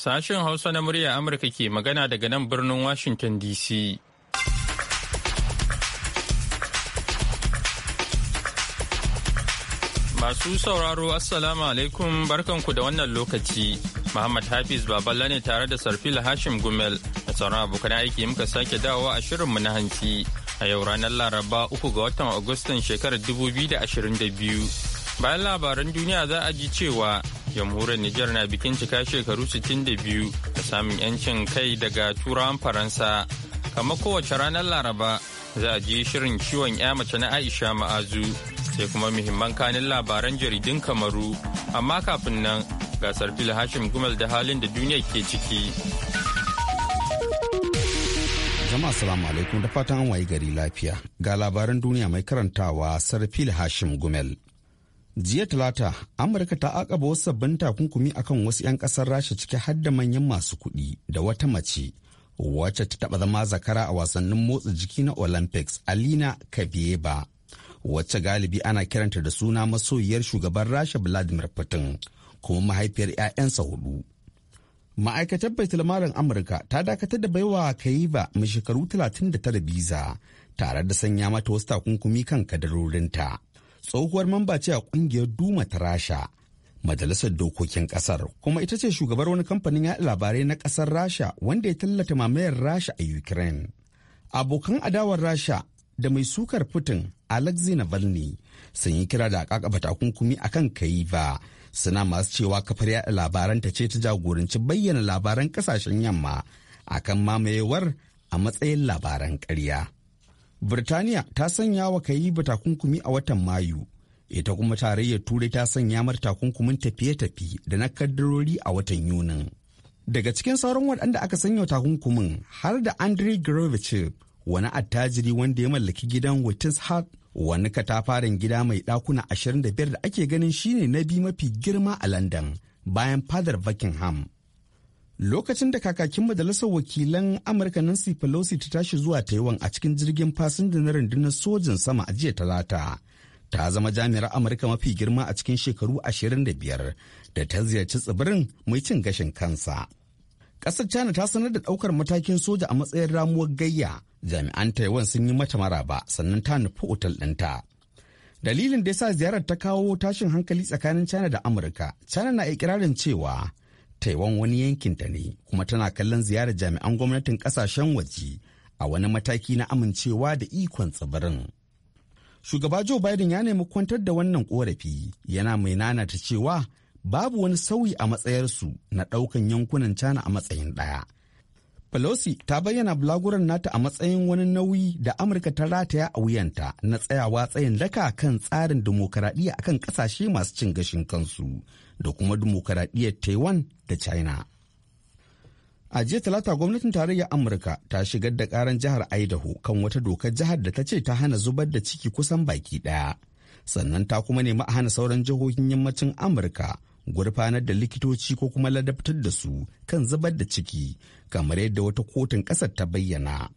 Sashen Hausa na murya Amurka ke magana daga nan birnin Washington DC. Masu sauraro Assalamu alaikum barkanku da wannan lokaci. Muhammad Hafiz Baballa ne tare da Sarfil Hashim Gumel da sauran abokan aiki muka sake dawowa a shirinmu na hanci a yau ranar Laraba 3 ga watan Agustan shekarar 2022. Bayan labaran duniya za a ji cewa jamhuriyar Nijar na bikin cika shekaru 62 da samun 'yancin kai daga turawan Faransa. Kama kowace ranar Laraba za a ji shirin ciwon 'ya mace na Aisha Ma'azu sai kuma muhimman kanin labaran jaridun Kamaru. Amma kafin nan gasar fil Hashim gumel da halin da duniya ke ciki. Jama'a salamu alaikum da fatan an wayi gari lafiya. Ga labaran duniya mai karantawa Sarfil Hashim Gumel. jiya talata amurka ta akaba wasu sabbin takunkumi akan wasu 'yan kasar rasha ciki har da manyan masu kuɗi da wata mace wacce ta taba zama zakara a wasannin motsa jiki na olympics alina kabeba wacce galibi ana kiranta da suna masoyiyar shugaban rasha vladimir putin kuma mahaifiyar 'ya'yansa hudu ma'aikatar baitulmarin amurka ta dakatar da baiwa kaiba mai shekaru 39 biza tare da sanya mata wasu takunkumi kan kadarorinta tsohuwar mamba ce a kungiyar duma ta rasha majalisar dokokin kasar kuma ita ce shugabar wani kamfanin yaɗa labarai na kasar rasha wanda ya tallata mamayar rasha a ukraine abokan adawar rasha da mai sukar putin alexei navalny sun yi kira da kakaba takunkumi akan kai ba suna masu cewa kafar yaɗa labaranta ce ta jagoranci bayyana labaran kasashen yamma akan mamayewar a matsayin labaran karya. Birtaniya ta sanya wa kayi takunkumi a watan Mayu, ita kuma tarayyar Turai ta sanya mata takunkumin tafiye-tafi da na kaddarori a watan Yunin. Daga cikin sauran waɗanda aka sanya takunkumin har da Andrei Grovichev, wani attajiri wanda ya mallaki gidan Wittes Hart, wani katafaren gida mai ɗakuna 25 da ake ganin shine na bi mafi girma a London bayan fadar Buckingham. lokacin da kakakin majalisar wakilan amurka nancy pelosi ta tashi zuwa taiwan a cikin jirgin fasinja na rundunar sojin sama a jiya talata ta zama jami'ar amurka mafi girma a cikin shekaru 25 da ta ziyarci tsibirin mai cin gashin kansa ƙasar china ta sanar da ɗaukar matakin soja a matsayin ramuwar gayya jami'an taiwan sun yi mata maraba sannan ta nufi otal ɗinta dalilin da ya sa ziyarar ta kawo tashin hankali tsakanin china da amurka china na ikirarin cewa taiwan wani yankinta ne kuma tana kallon ziyarar jami'an gwamnatin kasashen waje a wani mataki na amincewa da ikon tsibirin shugaba joe biden ya nemi kwantar da wannan korafi yana mai nanata cewa babu wani sauyi a matsayarsu na ɗaukan yankunan cana a matsayin ɗaya pelosi ta bayyana bulaguran nata a matsayin wani nauyi da amurka ta rataya a wuyanta na tsayawa tsayin daka kan tsarin dimokuraɗiyya akan ƙasashe masu cin gashin kansu da kuma dimokuraɗiyyar taiwan da china a jiya talata gwamnatin tarayyar amurka ta shigar da ƙaran jihar idaho kan wata dokar jihar da ta ce ta hana zubar da ciki kusan baki ɗaya sannan ta kuma nemi a hana sauran jihohin yammacin amurka gurfanar da likitoci ko kuma ladabtar da su kan zubar da ciki kamar yadda wata kotun ƙasar ta bayyana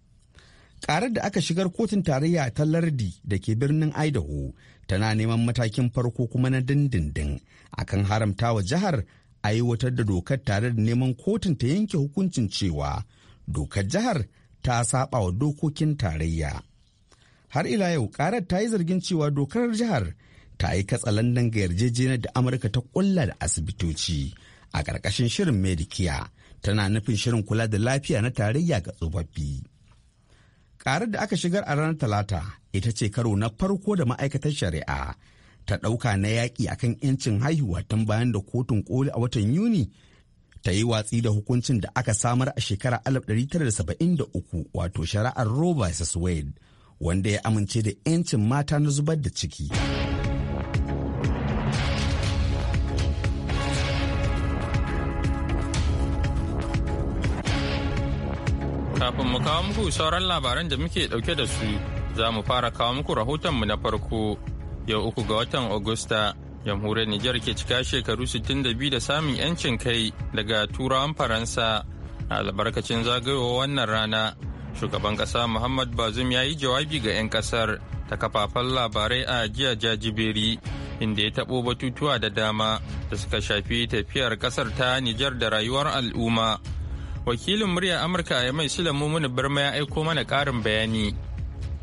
Karar da aka shigar kotun tarayya ta lardi da ke birnin Idaho tana neman matakin farko kuma na dindindin akan haramta wa jihar aiwatar da dokar tare da neman kotun ta yanke hukuncin cewa dokar jihar ta saba wa dokokin tarayya. Har ila yau karar ta yi zargin cewa dokar jihar ta yi katsalandan ga yarjejeniyar da Amurka ta kulla da asibitoci a ƙarƙashin shirin Medicare tana nufin shirin kula da lafiya na tarayya ga tsofaffi. Ƙarar da aka shigar a ranar Talata ita ce karo na farko da ma'aikatar shari'a ta ɗauka na yaƙi akan 'yancin haihuwa tun bayan da kotun koli a watan Yuni ta yi watsi da hukuncin da aka samar a shekara 1973 wato shari'ar Roe vs. Wade wanda ya amince da 'yancin mata na zubar da ciki. Kafin mu kawo muku sauran labaran da muke dauke da su, za mu fara kawo muku rahotonmu na farko. Yau uku ga watan Agusta, jamhuriyar Nijar ke cika shekaru 62 da samun 'yancin kai daga turawan Faransa. a Albarkacin zagayowa wannan rana, shugaban ƙasa Muhammad Bazum ya yi jawabi ga 'yan ƙasar ta kafafen labarai a jiya jajiberi, inda ya taɓo batutuwa da dama da suka shafi tafiyar ƙasar ta Nijar da rayuwar al'umma. wakilin murya amurka ya mai shila mumuni birma ya aiko mana karin bayani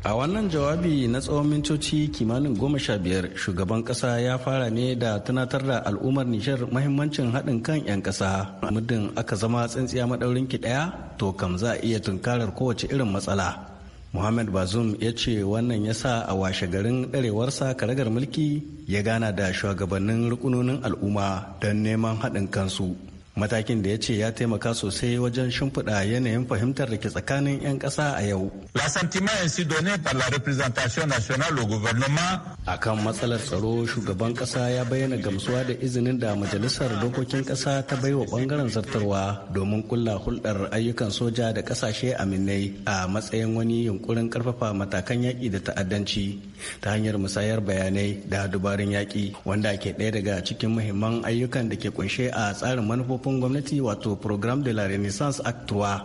a wannan jawabi na tsawon mintoci kimanin goma sha biyar shugaban kasa ya fara ne da tunatar da al'ummar nishar mahimmancin haɗin kan 'yan ƙasa muddin aka zama tsintsiya maɗaurin ki ɗaya to kam za a iya tunkarar kowace irin matsala muhammad bazum ya ce wannan ya sa a washe garin ɗarewarsa karagar mulki ya gana da shugabannin rukunonin al'umma don neman haɗin kansu matakin da ya ce ya taimaka sosai wajen shimfiɗa yanayin fahimtar da ke tsakanin 'yan ƙasa a yau. L'assentiment ainsi donné par la représentation nationale au gouvernement. A kan matsalar tsaro shugaban ƙasa ya bayyana gamsuwa da izinin da majalisar dokokin ƙasa ta baiwa ɓangaren zartarwa domin kulla hulɗar ayyukan soja da ƙasashe aminai a matsayin wani yunkurin ƙarfafa matakan yaƙi da ta'addanci ta hanyar musayar bayanai da dubarun yaƙi wanda ke ɗaya daga cikin muhimman ayyukan da ke ƙunshe a tsarin manufofin tallafin gwamnati wato program de la renaissance act 3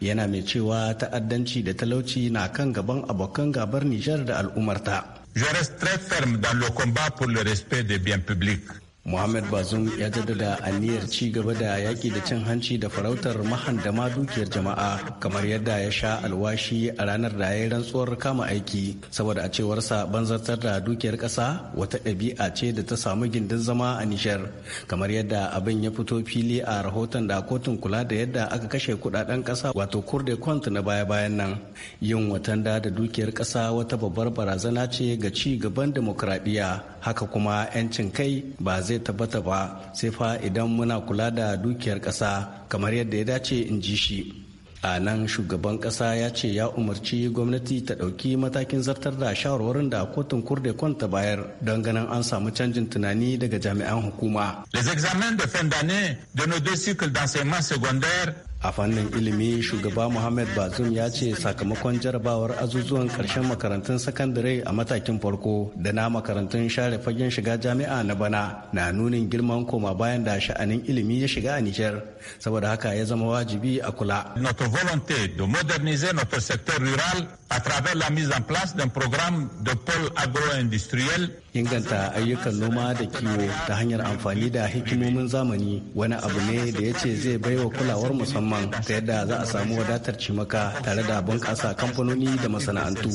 yana mai cewa ta'addanci da talauci na kan gaban abokan gabar nijar da al'ummarta. Je reste très ferme dans le combat pour le respect des biens publics. Muhammad Bazoum ya jaddada aniyar ci gaba da yaƙi da cin hanci da farautar mahandama dukiyar jama'a kamar yadda ya sha alwashi a ranar da ya rantsuwar kama aiki saboda a cewarsa banzartar da dukiyar ƙasa wata ɗabi'a ce da ta samu gindin zama a Nijar kamar yadda abin ya fito fili a rahoton da kotun kula da yadda aka kashe kudaden ƙasa wato kurde kwant na baya-bayan nan yin watan da dukiyar ƙasa wata babbar barazana ce ga ci gaban demokradiyya haka kuma 'yancin kai ba zai zai tabbata ba sai fa idan muna kula da dukiyar ƙasa kamar yadda ya dace in ji shi a nan shugaban kasa ya ce ya umarci gwamnati ta ɗauki matakin zartar da shawarwarin da kotun kurde kwanta bayar don ganin an samu canjin tunani daga jami'an hukuma. Les examens de fin d'année de nos deux cycles d'enseignement secondaire a fannin ilimi shugaba muhammad bazum ya ce sakamakon jarabawar azuzuwan karshen makarantun sakandare a matakin farko da na makarantun share fagen shiga jami'a na bana na nunin girman koma bayan da sha'anin ilimi ya shiga a nijar saboda haka ya zama wajibi a kula notre volonté de moderniser notre secteur rural à travers la mise en place d'un programme de pôle agro-industriel inganta ayyukan noma da kiwo ta hanyar amfani da hikimomin zamani wani abu ne da ya ce zai baiwa kulawar musamman musamman ta yadda za a samu wadatar cimaka tare da bunƙasa kamfanoni da masana'antu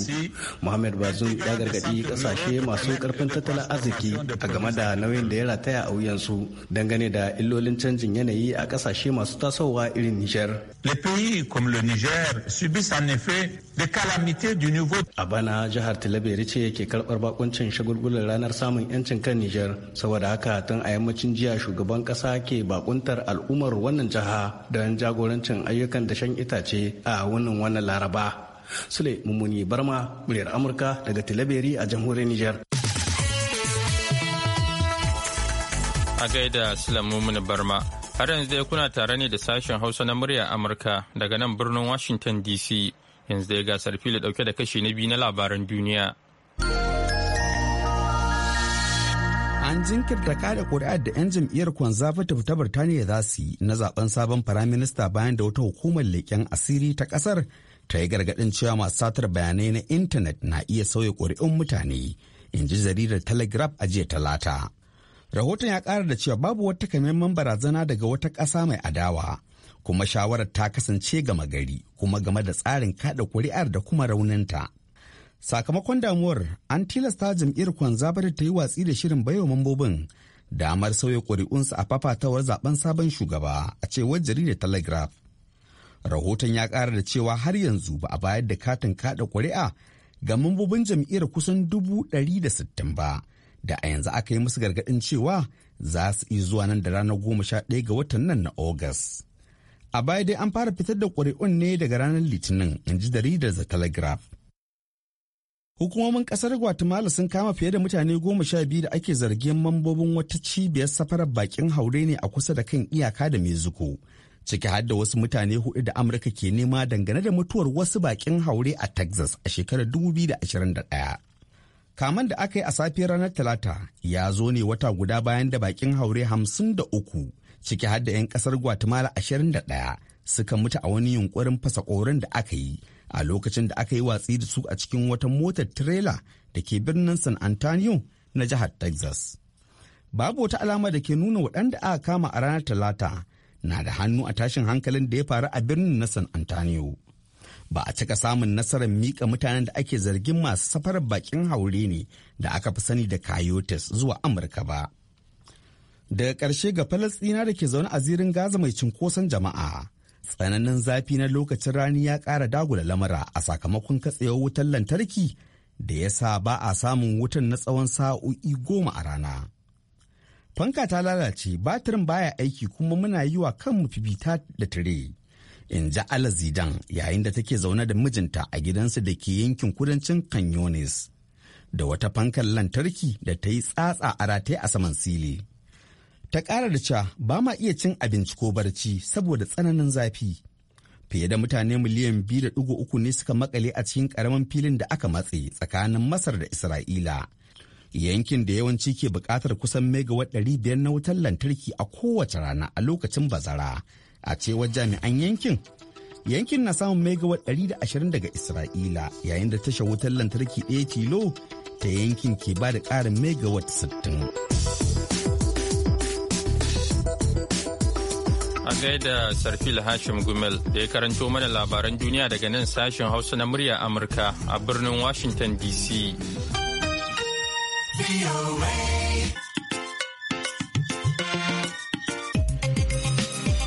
muhammad bazum ya gargaɗi ƙasashe masu ƙarfin tattalin arziki a game da nauyin da ya rataya a wuyansu dangane da illolin canjin yanayi a ƙasashe masu tasowa irin nijar Les pays comme le Niger subissent en effet des calamités du niveau. A bana jihar Tilaberi ce ke karɓar bakuncin shagulgulan ranar samun 'yancin kan Niger saboda haka tun a yammacin jiya shugaban kasa ke bakuntar al'ummar wannan jiha don jagorancin ayyukan dashen itace a wannan wannan laraba. Sule Mummuni Barma, muryar Amurka daga Tilaberi a jamhuriyar Niger. A gaida Sule Mummuni Barma. Har yanzu dai kuna tare ne da sashen Hausa na murya Amurka daga nan birnin Washington DC. Yanzu dai gasar fili dauke da kashi na biyu na labaran duniya. An jinkirta kada kuri'ar da 'yan jam'iyyar Conservative ta Birtaniya za su yi na zaben sabon firaminista bayan da wata hukumar leƙen asiri ta ƙasar ta yi gargaɗin cewa masu satar bayanai na intanet na iya sauya ƙuri'un mutane, in ji jaridar Telegraph a jiya talata. Rahoton ya ƙara da cewa babu wata takamaiman barazana daga wata ƙasa mai adawa, kuma shawarar ta kasance gama gari kuma game da tsarin kada kuri'ar da kuma rauninta. Sakamakon damuwar, an tilasta jam'iyyar Kwanza bari ta yi watsi da shirin baiwa mambobin damar sauya ƙuri'unsu a fafatawar zaben sabon shugaba a cewar jaridar Telegraph. Rahoton ya ƙara da cewa har yanzu ba a bayar da katin kada kuri'a ga mambobin jam'iyyar kusan dubu ɗari da sittin ba da a yanzu aka yi musu gargaɗin cewa za su yi zuwa nan da ranar goma sha ɗaya ga watan nan na August. A baya dai an fara fitar da ƙuri'un ne daga ranar Litinin, in ji jaridar The Telegraph. Hukumomin ƙasar Guatemala sun kama fiye da mutane goma sha biyu da ake zargin mambobin wata cibiyar safarar bakin haure ne a kusa da kan iyaka da Mexico. Ciki har da wasu mutane hudu da Amurka ke nema dangane da mutuwar wasu bakin haure a Texas a shekarar 2021. kaman da aka yi a safiyar ranar talata ya zo ne wata guda bayan da bakin haure hamsin da uku ciki har da 'yan kasar guatemala ashirin da ɗaya suka mutu a wani yunkurin fasa koren da aka yi a lokacin da aka yi watsi da su a cikin wata motar tirela da ke birnin san antonio na jihar texas babu wata alama da ke nuna waɗanda aka kama a ranar talata na da hannu a tashin hankalin da ya faru a birnin na san antonio ba a cika samun nasarar mika mutanen da ake zargin masu safar bakin haure ne da aka fi sani da coyotes zuwa amurka ba daga ƙarshe ga falasɗina da ke zaune a zirin gaza mai cinkoson jama'a tsananin zafi na lokacin rani ya ƙara dagula lamura a sakamakon katsewar wutar lantarki da ya sa ba a samun wutan na tsawon sa'o'i goma a rana fanka ta lalace batirin baya aiki kuma muna yi wa kanmu fifita da tire in ji alazidan, yayin da take zaune da mijinta a gidansu da ke yankin kudancin kanyonis da wata fankan lantarki da ta yi tsatsa a rataye a saman sili ta ƙara da cewa ba ma iya cin abinci ko barci saboda tsananin zafi fiye da mutane miliyan biyu da uku ne suka makale a cikin ƙaramin filin da aka matse tsakanin masar da isra'ila yankin da yawanci ke buƙatar kusan megawatt biyar na wutar lantarki a kowace rana a lokacin bazara a cewar jami'an yankin yankin na samun megawatt 120 daga isra'ila yayin da tashar wutar lantarki ɗaya tilo ta yankin ke ba da ƙarin megawatt 60 a gaida sarfil hashim gumel da ya karanto mana labaran duniya daga nan sashen hausa na murya amurka a birnin washington dc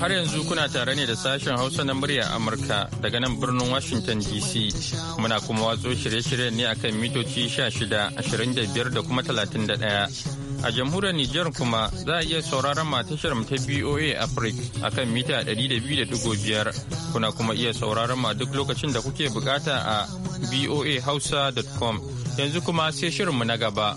Har yanzu kuna tare ne da sashen Hausa na murya Amurka daga nan birnin Washington DC. Muna kuma watso shirye-shiryen ne akan mitoci 16, 25 da kuma 31. A jamhuriyar Nijar kuma za a iya sauraron matashar ta BOA Africa akan mita 200.5 kuna kuma iya sauraron ma duk lokacin da kuke bukata a boahausa.com. Yanzu kuma sai shirinmu na gaba.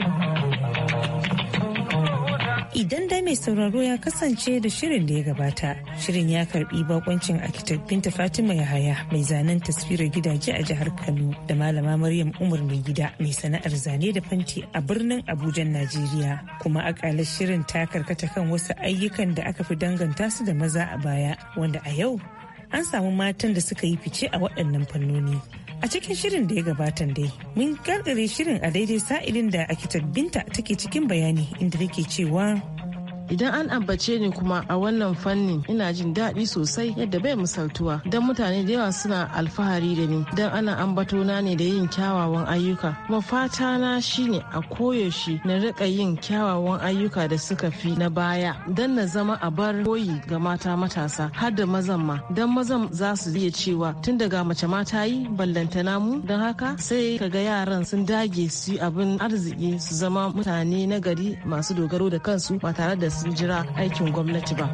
mai sauraro ya kasance da shirin da ya gabata. Shirin ya karbi bakoncin architect Binta Fatima Yahaya mai zanen taswirar gidaje a jihar Kano da malama Maryam Umar mai gida mai sana'ar zane da fanti a birnin Abuja, Najeriya. Kuma akalar shirin ta karkata kan wasu ayyukan da aka fi danganta su da maza a baya wanda a yau an samu matan da suka yi fice a waɗannan fannoni. A cikin shirin da ya gabatan dai, mun karkare shirin a daidai sa'ilin da akitar binta take cikin bayani inda take cewa idan an ambace ni kuma a wannan fannin ina jin daɗi sosai yadda bai misaltuwa don mutane da yawa suna alfahari da ni don ana ambato na ne da yin kyawawan ayyuka kuma fata na shine a koyaushe na riƙa yin kyawawan ayyuka da suka fi na baya don na zama a bar koyi ga mata matasa har da mazan ma don mazan za su iya cewa tun daga mace mata yi ballantana mu don haka sai ka ga yaran sun dage su abin arziki su zama mutane na gari masu dogaro da kansu ba tare da sun jira aikin gwamnati ba.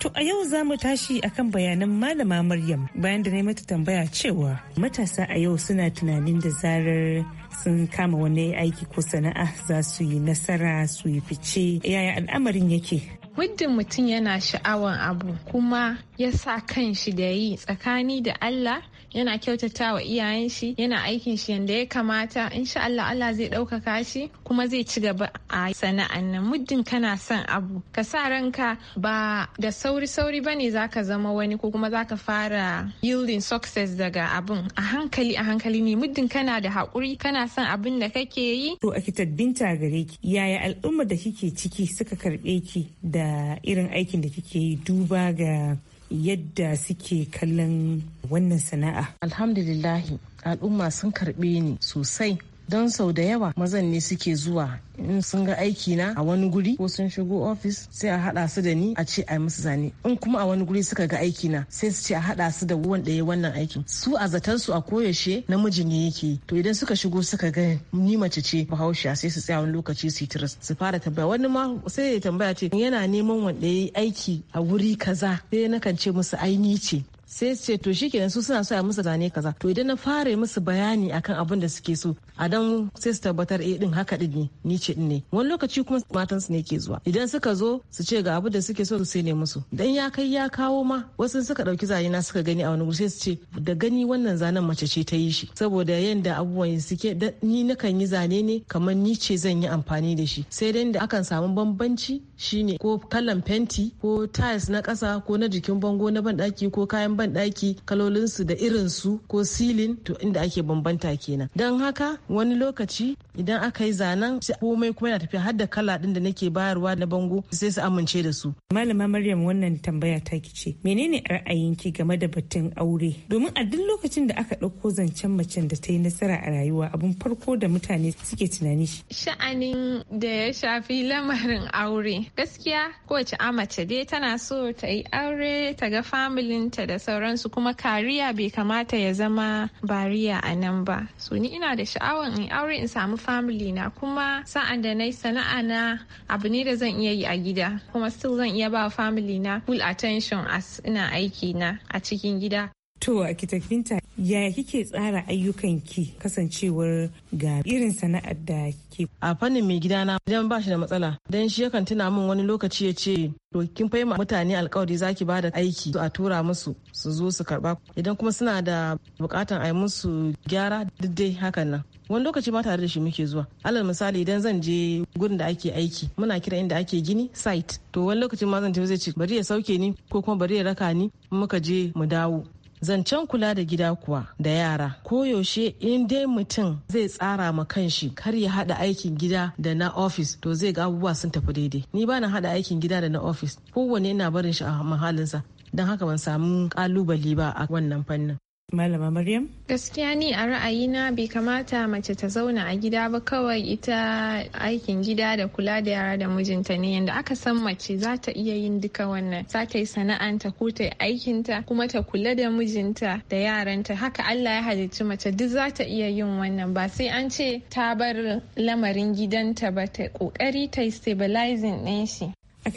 To a yau za mu tashi akan bayanan malama Maryam bayan da na mata tambaya cewa matasa a yau suna tunanin da zarar sun kama wani aiki ko sana'a za su yi nasara su yi fice yaya al'amarin yake. Muddin mutum yana sha'awan abu kuma ya sa kan shi da yi tsakani da Allah yana kyautata wa iyayen shi yana aikin shi yanda ya kamata insha Allah Allah zai ɗaukaka shi kuma zai ci gaba a sana'an nan muddin kana son abu ka sa ranka ba da sauri sauri bane zaka zama wani ko kuma zaka fara yielding success daga abun a hankali a hankali ne muddin kana da haƙuri kana son abin da kake yi to a binta gare ki yaya al'ummar da kike ciki suka karbe ki da irin aikin da kike yi duba ga yadda suke kallon wannan sana'a alhamdulillahi al'umma sun karɓe ni sosai don sau da yawa mazan ne suke zuwa in sun ga aiki na a wani guri ko sun shigo ofis sai a hada su da ni a ce a musu zane in kuma a wani guri suka ga aiki na sai su ce a hada su da wanda ya wannan aikin su a zaton su a koyaushe namiji ne yake to idan suka shigo suka ga ni mace ce bahaushe sai su tsaya wani lokaci su yi su fara tambaya wani ma sai ya tambaya ce yana neman wanda ya aiki a wuri kaza sai na kan ce musu aini ce sai su ce to shikenan su suna so a musu zane kaza to idan na fara musu bayani akan abin da suke so a dan sai su tabbatar eh din haka din ne ni ce din ne wani lokaci kuma matan su ne ke zuwa idan suka zo su ce ga abin da suke so su ne musu dan ya kai ya kawo ma wasu suka dauki zane na suka gani a wani sai su ce da gani wannan zanen mace ce ta yi shi saboda yanda abubuwan suke ni na kan yi zane ne kamar ni ce zan yi amfani da shi sai dai da akan samu bambanci shine ko kalan fenti ko tiles na kasa ko na jikin bango na ban daki ko kayan banɗaki kalolinsu da irinsu ko silin to inda ake bambanta kenan don haka wani lokaci idan aka yi zanen komai kuma yana tafiya har da kala ɗin da nake bayarwa na bango sai su amince da su. malama maryam wannan tambaya ta ce menene ra'ayinki game da batun aure domin a duk lokacin da aka ɗauko zancen mace da ta yi nasara a rayuwa abun farko da mutane suke tunani shi. sha'anin da ya shafi lamarin aure gaskiya kowace amace dai tana so ta yi aure ta ga familinta da sauransu kuma kariya bai kamata ya zama bariya a nan ba so ni ina da sha'awar in aure in samu family na kuma sa'an da na sana'a na abu ne da zan iya yi a gida kuma still zan iya ba family na full attention as ina aiki na a cikin gida To a kitafinta ya kike tsara ayyukan ki kasancewar ga irin sana'ar da ke. A fannin mai gida gidana idan ba shi da matsala don shi yakan tuna min wani lokaci ya ce to kin fahimta. mutane alkawari zaki ki bada aiki a tura musu su zo su karba idan kuma suna da bukatan a yi musu gyara duk dai hakan nan. Wani lokaci ba tare da shi muke zuwa. Alal misali idan zan je gurin da ake aiki muna kira inda ake gini site to wani lokaci ma zan ce zai ce bari ya sauke ni ko kuma bari ya raka ni muka je mu dawo zancen kula da gida kuwa da yara koyaushe in dai mutum zai tsara ma kanshi kar ya haɗa aikin gida da na ofis to zai ga abubuwa sun tafi daidai ni ba na hada aikin gida da na ofis kowane yana barin shi a mahalinsa don haka ban samu kalubale ba a wannan fannin Malama Maryam? Gaskiya ni a ra'ayina bai kamata mace ta zauna a gida ba kawai ita aikin gida da kula da yara da mijinta ne yadda aka san mace za ta iya yin duka wannan za ta yi sana'anta ko ta yi aikinta kuma ta kula da mijinta da yaranta haka Allah ya halicci mace duk za ta iya yin wannan ba sai an ce ta bar lamarin gidanta ba ta kokari ta stabilizing ɗin shi. A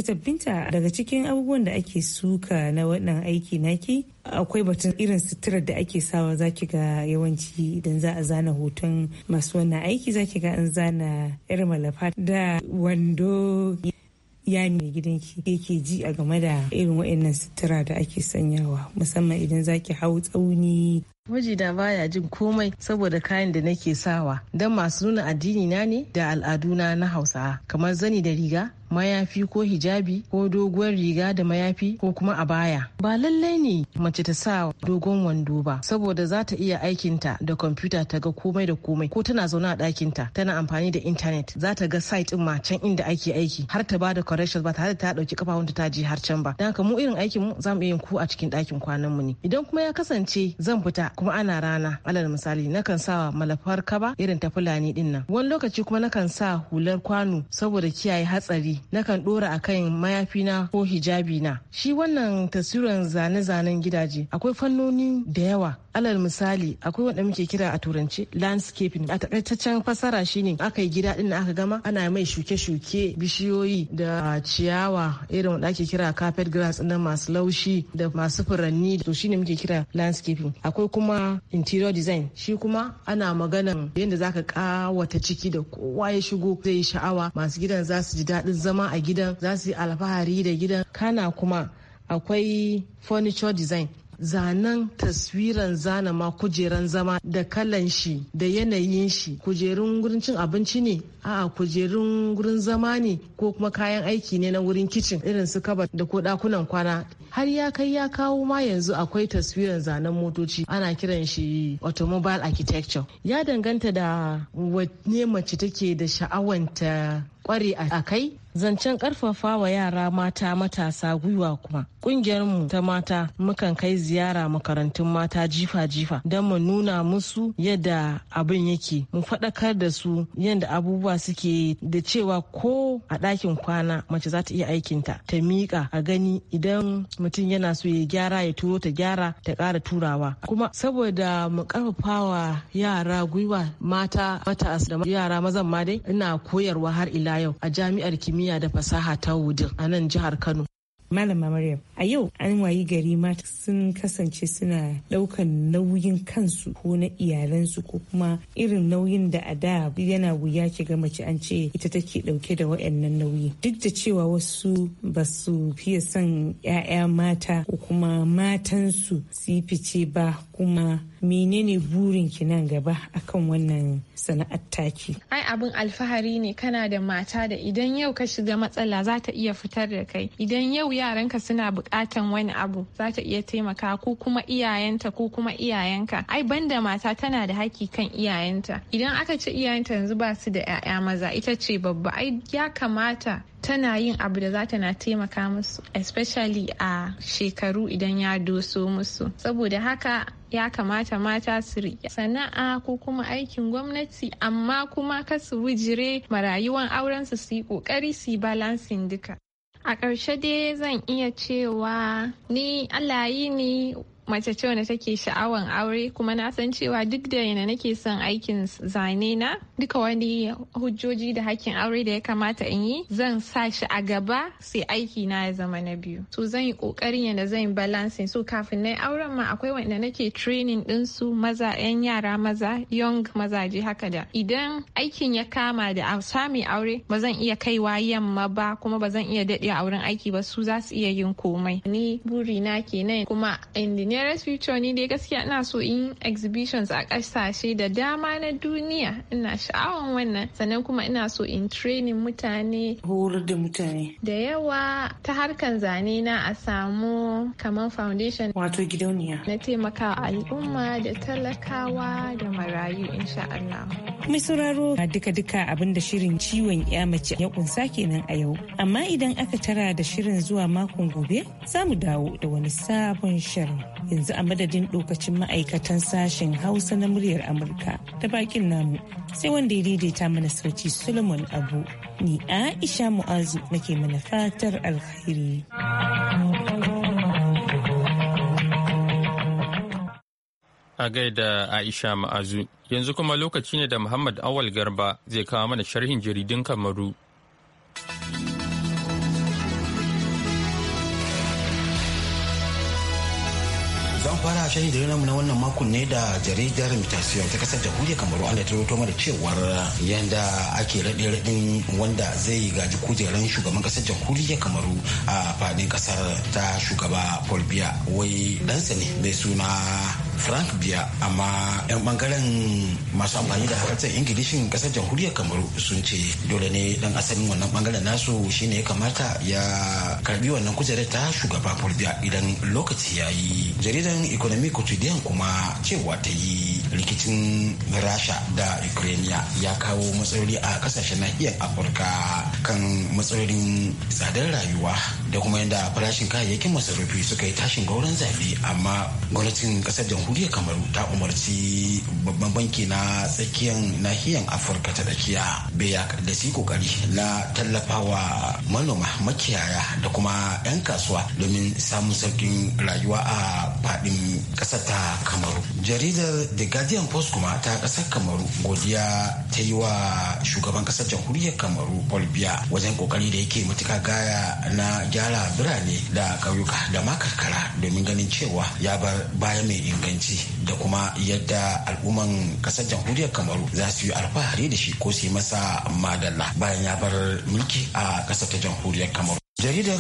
daga cikin abubuwan da ake suka na wannan aiki naki akwai batun irin sutura da ake sawa zaki ga yawanci idan za a zana hoton masu wannan aiki zaki ga an zana irin malafa da wando ya mai ki yake ji a game da irin waɗannan sutura da ake sanyawa musamman idan zaki hau tsauni Mijina baya jin komai saboda kayan da nake sawa don masu nuna addini na ne da al'aduna na hausa. kamar zani da riga mayafi ko hijabi ko doguwar riga da mayafi ko kuma a baya ba lallai ne mace ta sa dogon wando ba saboda za ta iya aikinta da kwamfuta ta ga komai da komai ko tana zaune a ɗakinta tana amfani da intanet za ta ga site ma can inda ake aiki har ta bada corrections ba tare da ta ɗauki kafafunta ta je har can ba don haka mu irin aikin mu za mu iya yin ku a cikin ɗakin kwanan mu ne idan kuma ya kasance zan fita kuma ana rana alal misali nakan sa malafar kaba irin ta fulani din nan wani lokaci kuma nakan sa hular kwano saboda kiyaye hatsari nakan dora akan mayafi na ko hijabi na shi wannan taswiran zane-zanen gidaje akwai fannoni da yawa alal misali akwai wanda muke kira a turance landscaping a takaitaccen fasara shine aka yi gida din aka gama ana mai shuke-shuke bishiyoyi da ciyawa irin wanda ake kira carpet grass na masu laushi da masu furanni to shine muke kira landscaping akwai kuma interior design shi kuma ana maganan yadda za ka kawata ciki da kowa ya shigo zai yi sha'awa masu gidan za su ji daɗin zama a gidan za su yi alfahari da gidan kana kuma akwai furniture design zanen taswiran zana ma kujeran zama da kalan shi da yanayin shi kujerun gurin cin abinci ne a'a kujerun gurin zama ne ko kuma kayan aiki ne na wurin kicin irin su kaba da ko dakunan kwana har ya kai ya kawo ma yanzu akwai taswiran zanen motoci ana kiran shi automobile architecture ya danganta da wanne mace take da sha'awanta kware a kai zancen karfafa wa yara mata matasa gwiwa kuma mu ta mata mukan kai ziyara makarantun mata jifa-jifa don mu nuna musu yadda abin yake mu faɗakar da su yadda abubuwa suke da cewa ko a ɗakin kwana mace za ta iya aikinta ta miƙa a gani idan mutum yana so ya gyara ya turo ta gyara ta ƙara turawa kuma saboda mu karfafa wa yara gwiwa mata matasa da yara mazan ma dai ina koyarwa har ila yau a jami'ar kimiyya da fasaha ta wudin a nan jihar kano Malama Maryam, a yau an wayi gari mata sun kasance suna ɗaukan nauyin kansu ko na iyalansu ko kuma irin nauyin da a da yana wuya ki ga mace an ce ita take ɗauke da waɗannan nauyi. Duk da cewa wasu ba su fiye son 'ya'ya mata ko kuma matansu su fice ba kuma menene burin ki nan gaba akan wannan sana'ar taki. Ai abin alfahari ne kana da mata da idan yau ka shiga matsala za ta iya fitar da kai. Idan yau yaranka suna bukatan wani abu za ta iya taimaka ko kuma iyayenta ko kuma iyayenka ai banda mata tana da haki kan iyayenta idan aka ce iyayenta yanzu ba su da 'ya'ya maza ita ce babba ai ya kamata tana yin abu da za ta na taimaka musu especially a shekaru idan ya doso musu saboda haka ya kamata mata su riƙe sana'a ko kuma aikin gwamnati amma kuma ka su wujire marayuwan aurensu auren su su yi ƙoƙari su yi balansin duka a ƙarshe dai zan iya cewa ni Allah yi ni mace ce wanda take sha'awan aure kuma na san cewa duk da yana nake son aikin zane na duka wani hujjoji da hakkin aure da ya kamata in yi zan sa shi a gaba sai aiki na ya zama na biyu to zan yi kokarin yadda zan yi balancing so kafin na auren ma akwai wanda nake training din su maza yan yara maza young mazaje haka da idan aikin ya kama da sami aure ba zan iya kaiwa yamma ba kuma ba zan iya daɗe auren aiki ba su za su iya yin komai ni burina kenan kuma engineer nearest future ni dai gaskiya ina so in exhibitions a kasashe da dama na duniya ina sha'awan wannan sannan kuma ina so in training mutane horar da mutane da yawa ta harkan zane na a samu kamar foundation wato gidauniya na taimakawa al'umma da talakawa da marayu insha Allah mai sauraro duka-duka abin da shirin ciwon ya mace ya kunsa kenan a yau amma idan aka tara da shirin zuwa makon gobe za mu dawo da wani sabon shirin yanzu a madadin lokacin ma'aikatan sashen hausa na muryar amurka ta bakin namu sai wanda ya daidaita mana sauci solomon abu ni aisha mu'azu nake mana fatar alkhairi a gaida aisha ma'azu yanzu kuma lokaci ne da muhammad awal garba zai kawo mana sharhin jaridun kamaru fara shahi da na wannan makon ne da jaridar mutasiyar ta kasar jamhuriyar kamaru an da ta rubuto mana cewar yadda ake raɗe raɗin wanda zai gaji kujeran shugaban kasar jamhuriyar kamaru a fadin kasar ta shugaba paul biya wai ɗansa ne mai suna frank biya amma 'yan bangaren masu amfani da harkar ingilishin kasar jamhuriyar kamaru sun ce dole ne dan asalin wannan bangaren nasu shine ya kamata ya karbi wannan kujerar ta shugaba paul biya idan lokaci ya yi jaridan economic quotidian kuma cewa ta yi rikicin rasha da ukraine ya kawo matsaloli a kasashen nahiyar afirka kan matsalolin tsadar rayuwa da kuma yadda farashin kayayyakin masarufi suka yi tashin gauran zafi amma gwamnatin kasar jamhuriyar jamhuriyar kamaru ta umarci babban banki na tsakiyar nahiyar afirka ta tsakiya beya da su kokari na tallafawa manoma makiyaya da kuma 'yan kasuwa domin samun sauƙin rayuwa a faɗin ƙasar ta kamaru jaridar the guardian post kuma ta ƙasar kamaru godiya ta yi wa shugaban ƙasar jamhuriyar kamaru paul biya wajen kokari da yake matuka gaya na gyara birane da ƙauyuka da makarkara domin ganin cewa ya bar baya mai inganci abinci da kuma yadda al'umman kasar jamhuriyar kamaru za su yi alfahari da shi ko su yi masa madalla bayan ya bar mulki a kasar ta jamhuriyar kamaru jaridar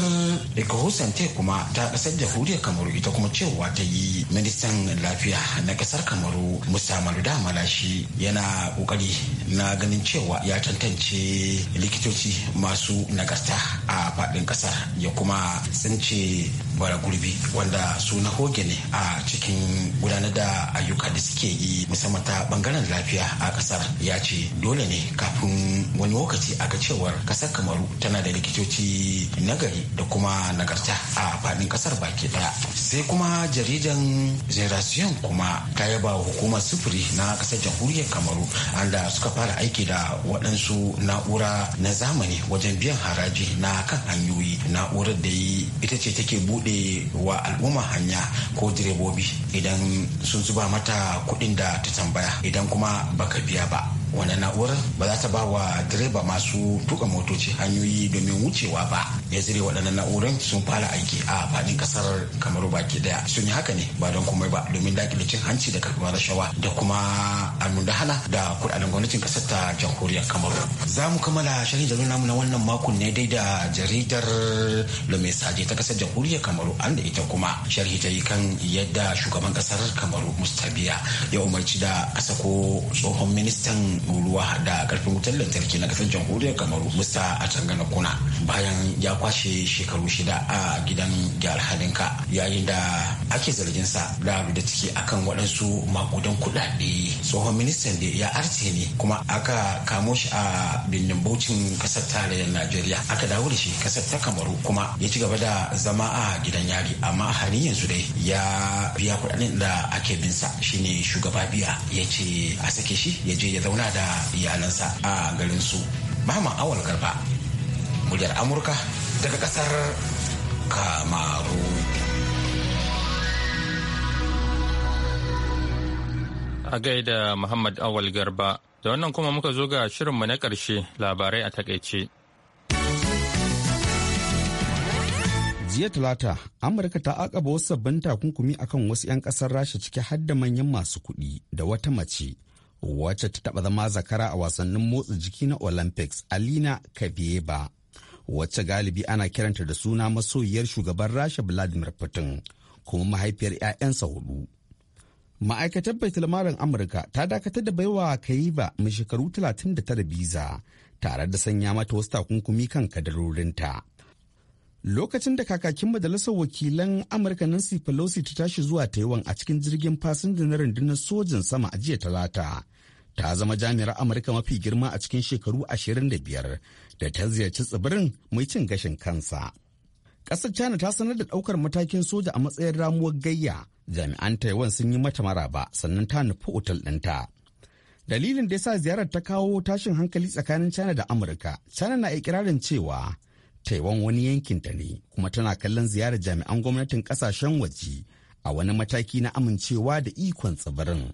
ecohosante kuma ta kasar jamhuriyar kamaru ita kuma cewa ta yi ministan lafiya na kasar kamaru musa maluda malashi yana kokari na ganin cewa ya tantance likitoci masu nagarta a fadin kasar ya kuma tsince bara gurbi wanda su na hoge ne a cikin gudanar da ayyuka da suke yi musamman ta bangaren lafiya a kasar ya ce dole ne kafin wani lokaci aka cewar kasar kamaru tana da likitoci nagari da kuma nagarta a faɗin ƙasar baki ɗaya sai kuma jaridan generation kuma ta yaba hukumar sufuri na ƙasar jamhuriyar kamaru anda suka fara aiki da waɗansu na'ura na zamani wajen biyan haraji na kan hanyoyi na'urar da ita ce take buɗe wa al'umma hanya ko direbobi idan sun zuba mata kuɗin da ta tambaya idan kuma baka biya ba wannan na'urar ba za ta ba wa direba masu tuka motoci hanyoyi domin wucewa ba ya zire waɗannan na'urar sun fara aiki a faɗin ƙasar kamaru baki daya sun yi haka ne ba don komai ba domin dakile cin hanci da karɓar rashawa da kuma hana da kuɗaɗen gwamnatin ƙasar ta jamhuriyar kamaru za mu kammala shirin jaridar namu na wannan makon ne dai da jaridar lomesaje ta ƙasar jamhuriyar kamaru an da ita kuma sharhi ta yi kan yadda shugaban ƙasar kamaru mustabiya ya umarci da a ko tsohon ministan ruwa da karfin wutar lantarki na kasar jamhuriyar kamaru musa a tangana kuna bayan ya kwashe shekaru shida a gidan gyar halinka yayin da ake zargin sa da da ciki akan waɗansu makudan kuɗaɗe tsohon ministan da ya arce ne kuma aka kamo shi a birnin baucin kasar tarayyar najeriya aka dawo da shi kasar ta kamaru kuma ya ci gaba da zama a gidan yari amma a yanzu dai ya biya kuɗaɗen da ake bin sa shine shugaba biya ya ce a sake shi ya je ya zauna da iyalansa a garin su mama awal garba muryar amurka daga kasar kamaru a gaida muhammad awal garba da wannan kuma muka zo ga shirinmu na ƙarshe labarai a takaice jiya talata amurka ta akaba wasu sabbin takunkumi akan wasu 'yan kasar rasha ciki har da manyan masu kuɗi da wata mace wacce ta taɓa zama zakara a wasannin motsa jiki na olympics alina kabeba wacce galibi ana kiranta da suna masoyiyar shugaban rasha vladimir putin kuma mahaifiyar 'ya'yansa hudu ma'aikatar baitulmarin amurka ta dakatar da baiwa kayiba mai shekaru 39 biza tare da sanya mata wasu takunkumi kan kadarorinta lokacin da kakakin majalisar wakilan amurka nancy pelosi ta tashi zuwa taiwan a cikin jirgin fasinja na rundunar sojin sama a jiya talata ta zama jami'ar amurka mafi girma a cikin shekaru 25 da ta ziyarci tsibirin mai cin gashin kansa ƙasar china ta sanar da ɗaukar matakin soja a matsayin ramuwar gayya jami'an taiwan sun yi mata maraba sannan ta nufi otal ɗinta dalilin da ya sa ziyarar ta kawo tashin hankali tsakanin china da amurka china na ikirarin cewa Taiwan wani yankinta ne kuma tana kallon ziyarar jami'an gwamnatin kasashen waje a wani mataki na amincewa da ikon tsibirin.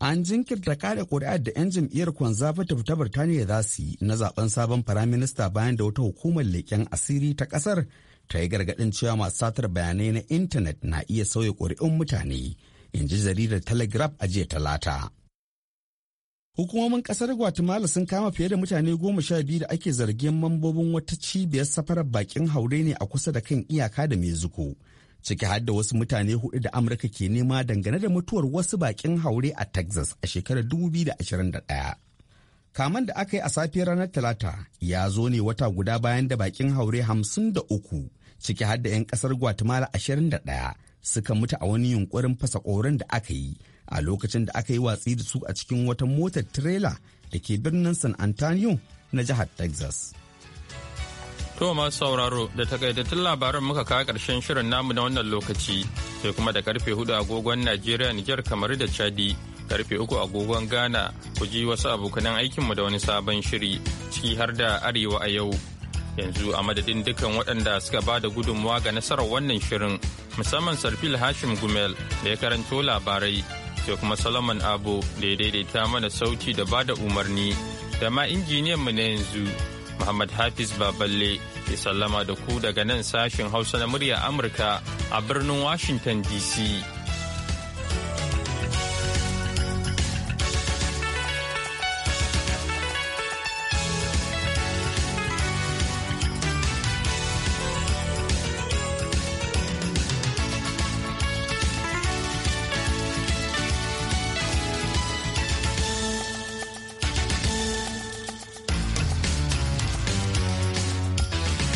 An jinkirta kare ƙuri'ar da 'yan jam'iyyar Conservative ta Birtaniya za su yi na zaben sabon firaminista bayan da wata hukumar leƙen asiri ta ƙasar ta yi gargaɗin cewa masu satar bayanai na intanet na iya sauya ƙuri'un mutane, in ji jaridar Telegraph a jiya talata. Hukumomin kasar Guatemala sun kama fiye da mutane goma sha biyu da ake zargin mambobin wata cibiyar safarar bakin haure ne a kusa da kan iyaka da Mexico. Ciki har da wasu mutane hudu da Amurka ke nema dangane da mutuwar wasu bakin haure a Texas a shekarar 2021. Kaman da aka yi a safiyar ranar Talata ya zo ne wata guda bayan da bakin haure hamsin uku ciki har da 'yan kasar Guatemala 21 suka mutu a wani yunkurin fasa da aka yi a lokacin da aka yi watsi da su a cikin wata motar tirela da ke birnin san antonio na jihar texas To sauraro da takaitattun labaran muka kawo ƙarshen shirin namu na wannan lokaci sai kuma da karfe hudu agogon Najeriya Nijar kamar da Chadi karfe uku agogon Ghana ku ji wasu abokanan aikinmu da wani sabon shiri ciki har da Arewa a yau. Yanzu a madadin dukkan waɗanda suka ba da gudunmawa ga nasarar wannan shirin musamman Sarfil Hashim Gumel da ya karanto labarai sai kuma Solomon Abu da ya daidaita mana sauti da bada umarni da ma injiniyan mu na yanzu Muhammad Hafiz Baballe ya sallama da ku daga nan sashin Hausa na murya Amurka a birnin Washington DC.